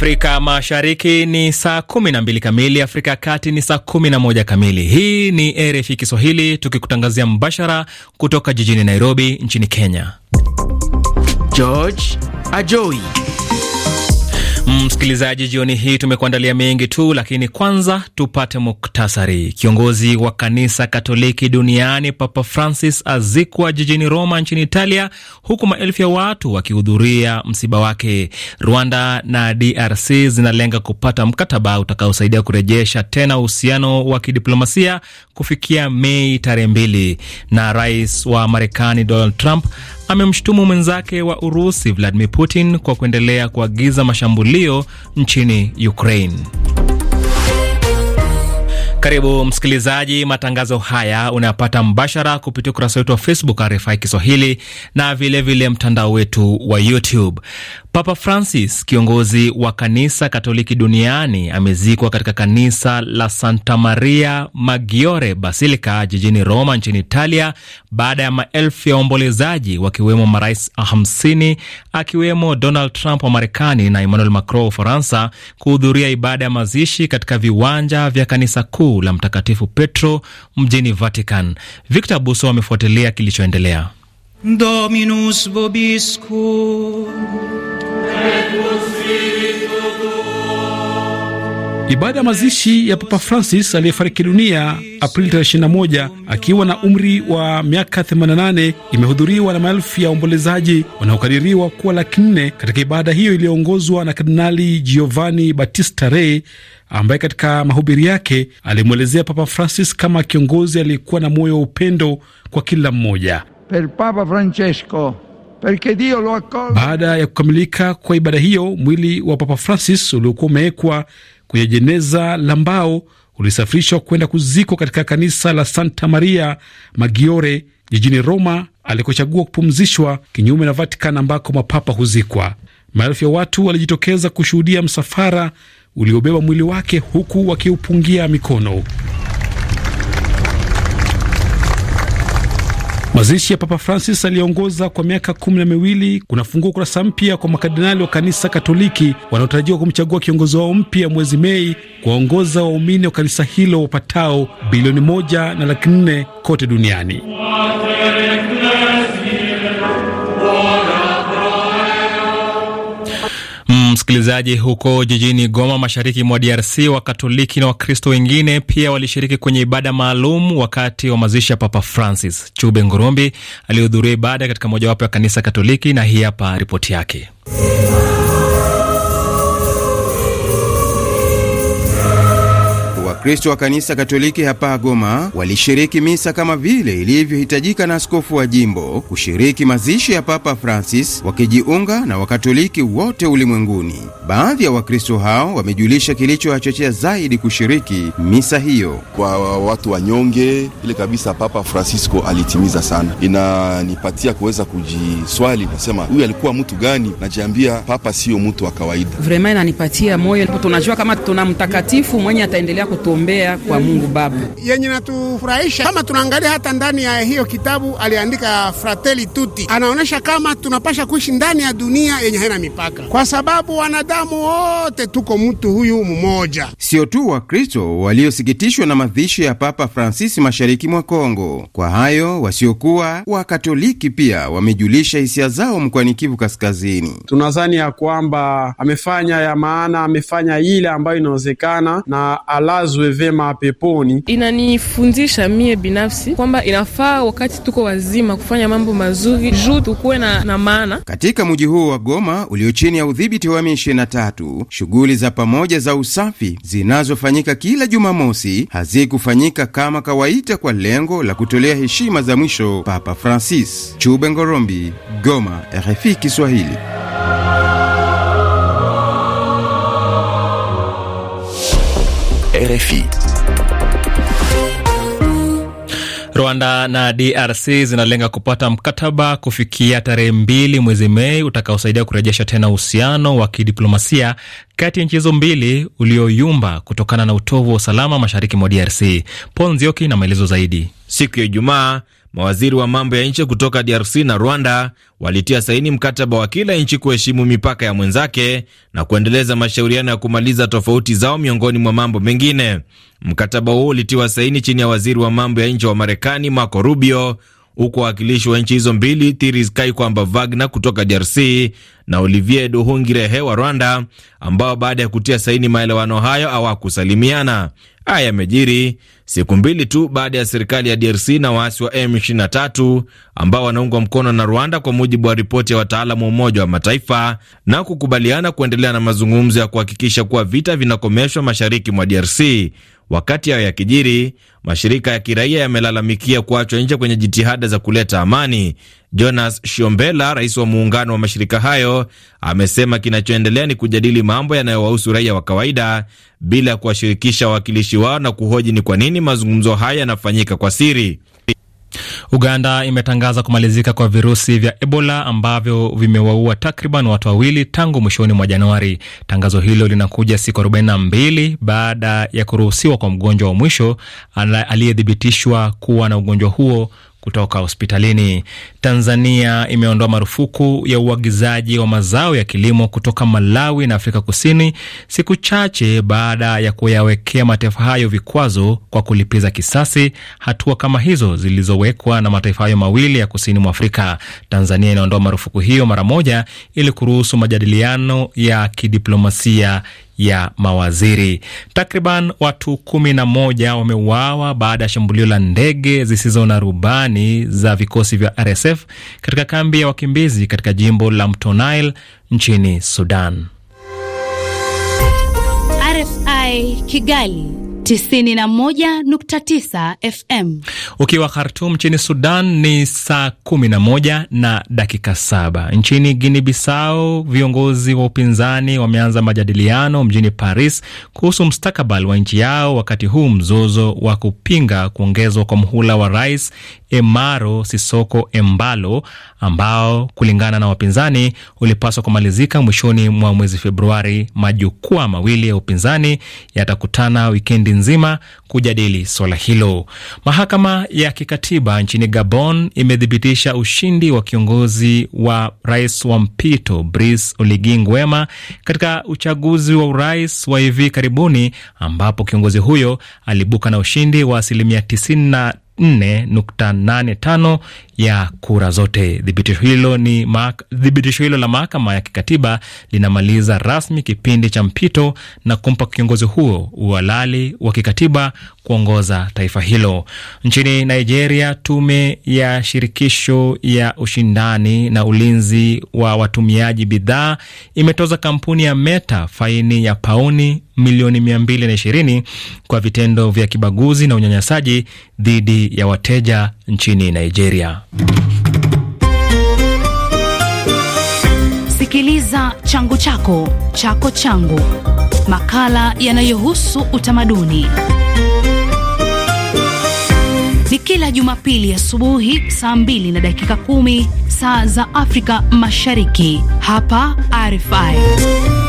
Afrika Mashariki ni saa mbili kamili, Afrika ya Kati ni saa moja kamili. Hii ni RFI Kiswahili tukikutangazia mbashara kutoka jijini Nairobi nchini Kenya. George Ajoi Msikilizaji, jioni hii tumekuandalia mengi tu, lakini kwanza tupate muktasari. Kiongozi wa kanisa Katoliki duniani Papa Francis azikwa jijini Roma nchini Italia, huku maelfu ya watu wakihudhuria msiba wake. Rwanda na DRC zinalenga kupata mkataba utakaosaidia kurejesha tena uhusiano wa kidiplomasia kufikia Mei tarehe mbili. Na rais wa Marekani Donald Trump amemshutumu mwenzake wa Urusi Vladimir Putin kwa kuendelea kuagiza mashambulio nchini Ukraine. Karibu msikilizaji, matangazo haya unayapata mbashara kupitia ukurasa wetu wa Facebook RFI Kiswahili na vilevile mtandao wetu wa YouTube. Papa Francis, kiongozi wa kanisa Katoliki duniani, amezikwa katika kanisa la Santa Maria Maggiore Basilica jijini Roma nchini Italia baada ya maelfu ya waombolezaji wakiwemo marais 50 akiwemo Donald Trump wa Marekani na Emmanuel Macron wa Ufaransa kuhudhuria ibada ya mazishi katika viwanja vya kanisa kuu la Mtakatifu Petro mjini Vatican. Victor Buso amefuatilia kilichoendelea. Dominus vobiscum. Et Ibada ya mazishi ya Papa Francis aliyefariki dunia Aprili 21 akiwa na umri wa miaka 88 imehudhuriwa na maelfu ya waombolezaji wanaokadiriwa kuwa laki nne katika ibada hiyo iliyoongozwa na Kardinali Giovanni Battista Re ambaye katika mahubiri yake alimwelezea Papa Francis kama kiongozi aliyekuwa na moyo wa upendo kwa kila mmoja per Papa Francesco perché Dio lo accoglie. Baada ya kukamilika kwa ibada hiyo, mwili wa Papa Francis uliokuwa umewekwa kwenye jeneza la mbao ulisafirishwa kwenda kuzikwa katika kanisa la Santa Maria Maggiore jijini Roma, alikochagua kupumzishwa, kinyume na Vatican ambako mapapa huzikwa. Maelfu ya watu walijitokeza kushuhudia msafara uliobeba mwili wake huku wakiupungia mikono. Mazishi ya Papa Francis aliyeongoza kwa miaka kumi na miwili kunafungua ukurasa mpya kwa makardinali wa kanisa Katoliki wanaotarajiwa kumchagua kiongozi wao mpya mwezi Mei kuwaongoza waumini wa kanisa hilo wapatao bilioni moja na laki nne kote duniani. Msikilizaji, huko jijini Goma, mashariki mwa DRC, Wakatoliki na Wakristo wengine pia walishiriki kwenye ibada maalum wakati wa mazishi ya Papa Francis. Chube Ngurumbi alihudhuria ibada katika mojawapo ya kanisa Katoliki, na hii hapa ripoti yake. Wakristo wa kanisa Katoliki hapa Goma walishiriki misa kama vile ilivyohitajika na askofu wa jimbo kushiriki mazishi ya Papa Francis, wakijiunga na Wakatoliki wote ulimwenguni. Baadhi ya Wakristo hao wamejulisha kilichowachochea zaidi kushiriki misa hiyo. Kwa watu wanyonge, ile kabisa Papa Francisco alitimiza sana, inanipatia kuweza kujiswali, nasema huyu alikuwa mtu gani? Najiambia Papa siyo mtu wa kawaida. Vrema inanipatia moyo, tunajua kama tuna mtakatifu mwenye ataendelea kutu kuombea kwa Mungu Baba. Yenye natufurahisha kama tunaangalia hata ndani ya hiyo kitabu aliandika Fratelli Tutti, anaonyesha kama tunapasha kuishi ndani ya dunia yenye haina mipaka, kwa sababu wanadamu wote tuko mtu huyu mmoja. Sio tu Wakristo waliosikitishwa na madhisho ya Papa Francis mashariki mwa Kongo. Kwa hayo, wasiokuwa Wakatoliki pia wamejulisha hisia zao mkoani Kivu Kaskazini. Tunadhani ya kwamba amefanya ya maana, amefanya ile ambayo inawezekana na alazu ilazwe vema peponi. Inanifundisha mie binafsi kwamba inafaa wakati tuko wazima kufanya mambo mazuri juu tukuwe na, na maana. Katika mji huo wa Goma ulio chini ya udhibiti wa M23, shughuli za pamoja za usafi zinazofanyika kila Jumamosi hazikufanyika kama kawaita kwa lengo la kutolea heshima za mwisho Papa Francis. Chube Ngorombi, Goma, RFI Kiswahili. RFI. Rwanda na DRC zinalenga kupata mkataba kufikia tarehe mbili mwezi Mei utakaosaidia kurejesha tena uhusiano wa kidiplomasia kati ya nchi hizo mbili ulioyumba kutokana na utovu wa usalama mashariki mwa DRC. Paul Nzioki na maelezo zaidi. Siku ya Ijumaa Mawaziri wa mambo ya nje kutoka DRC na Rwanda walitia saini mkataba wa kila nchi kuheshimu mipaka ya mwenzake na kuendeleza mashauriano ya kumaliza tofauti zao miongoni mwa mambo mengine. Mkataba huo ulitiwa saini chini ya waziri wa mambo ya nje wa Marekani Marco Rubio, huku wawakilishi wa nchi hizo mbili Thiris kwamba Wagner kutoka DRC na Olivier Duhungirehe wa Rwanda, ambao baada ya kutia saini maelewano hayo hawakusalimiana. Haya yamejiri siku mbili tu baada ya serikali ya DRC na waasi wa M23 ambao wanaungwa mkono na Rwanda, kwa mujibu wa ripoti ya wataalamu wa Umoja wa Mataifa, na kukubaliana kuendelea na mazungumzo ya kuhakikisha kuwa vita vinakomeshwa mashariki mwa DRC. Wakati hayo yakijiri, mashirika ya kiraia yamelalamikia kuachwa nje kwenye jitihada za kuleta amani. Jonas shombela rais wa muungano wa mashirika hayo, amesema kinachoendelea ni kujadili mambo yanayowahusu raia wa kawaida bila kuwashirikisha wawakilishi wao na kuhoji ni kwa nini mazungumzo haya yanafanyika kwa siri. Uganda imetangaza kumalizika kwa virusi vya Ebola ambavyo vimewaua takriban watu wawili tangu mwishoni mwa Januari. Tangazo hilo linakuja siku 42 baada ya kuruhusiwa kwa mgonjwa wa mwisho aliyethibitishwa kuwa na ugonjwa huo kutoka hospitalini. Tanzania imeondoa marufuku ya uagizaji wa mazao ya kilimo kutoka Malawi na Afrika Kusini siku chache baada ya kuyawekea mataifa hayo vikwazo kwa kulipiza kisasi, hatua kama hizo zilizowekwa na mataifa hayo mawili ya kusini mwa Afrika. Tanzania inaondoa marufuku hiyo mara moja ili kuruhusu majadiliano ya kidiplomasia ya mawaziri. Takriban watu kumi na moja wameuawa baada ya shambulio la ndege zisizo na rubani za vikosi vya RSF katika kambi ya wakimbizi katika jimbo la Mto Nile nchini Sudan. RFI Kigali 91.9 FM. Ukiwa Khartum nchini Sudan ni saa 11 na dakika saba. Nchini Guinea Bissau, viongozi wa upinzani wameanza majadiliano mjini Paris kuhusu mstakabali wa nchi yao, wakati huu mzozo wa kupinga kuongezwa kwa mhula wa rais Emaro Sisoko Embalo ambao kulingana na wapinzani ulipaswa kumalizika mwishoni mwa mwezi Februari. Majukwaa mawili ya upinzani yatakutana wikendi nzima kujadili swala hilo. Mahakama ya kikatiba nchini Gabon imethibitisha ushindi wa kiongozi wa rais wa mpito Brice Oligui Nguema katika uchaguzi wa urais wa hivi karibuni ambapo kiongozi huyo alibuka na ushindi wa asilimia 90 nne nukta nane tano ya kura zote. Thibitisho hilo ni thibitisho hilo la mahakama ya kikatiba linamaliza rasmi kipindi cha mpito na kumpa kiongozi huo uhalali wa kikatiba kuongoza taifa hilo. Nchini Nigeria, tume ya shirikisho ya ushindani na ulinzi wa watumiaji bidhaa imetoza kampuni ya Meta faini ya pauni milioni 220 kwa vitendo vya kibaguzi na unyanyasaji dhidi ya wateja nchini Nigeria. Sikiliza changu chako chako changu, makala yanayohusu utamaduni ni kila Jumapili asubuhi saa 2 na dakika 10 saa za Afrika Mashariki, hapa RFI.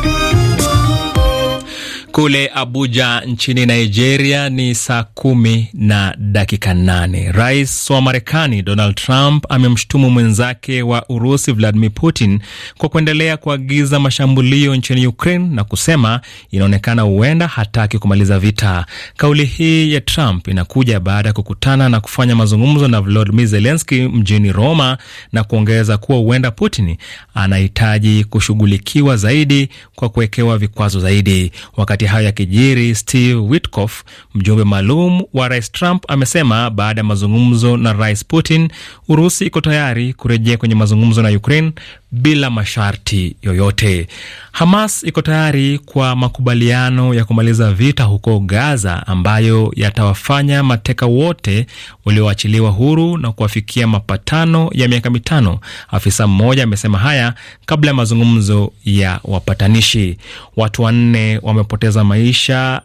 Kule Abuja nchini Nigeria ni saa kumi na dakika nane. Rais wa Marekani Donald Trump amemshutumu mwenzake wa Urusi Vladimir Putin kwa kuendelea kuagiza mashambulio nchini Ukraine na kusema inaonekana huenda hataki kumaliza vita. Kauli hii ya Trump inakuja baada ya kukutana na kufanya mazungumzo na Volodymyr Zelensky mjini Roma na kuongeza kuwa huenda Putin anahitaji kushughulikiwa zaidi kwa kuwekewa vikwazo zaidi. Wakati Wakati haya yakijiri, Steve Witkoff, mjumbe maalum wa rais Trump, amesema baada ya mazungumzo na rais Putin, Urusi iko tayari kurejea kwenye mazungumzo na Ukraine bila masharti yoyote. Hamas iko tayari kwa makubaliano ya kumaliza vita huko Gaza ambayo yatawafanya mateka wote walioachiliwa huru na kuwafikia mapatano ya miaka mitano. Afisa mmoja amesema haya kabla ya mazungumzo ya wapatanishi. Watu wanne wamepoteza maisha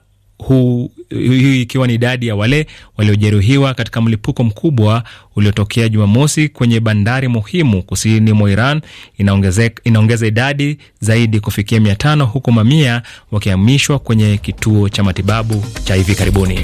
hii ikiwa ni idadi ya wale waliojeruhiwa katika mlipuko mkubwa uliotokea Jumamosi kwenye bandari muhimu kusini mwa Iran inaongeza idadi zaidi kufikia mia tano huku mamia wakihamishwa kwenye kituo cha matibabu cha hivi karibuni.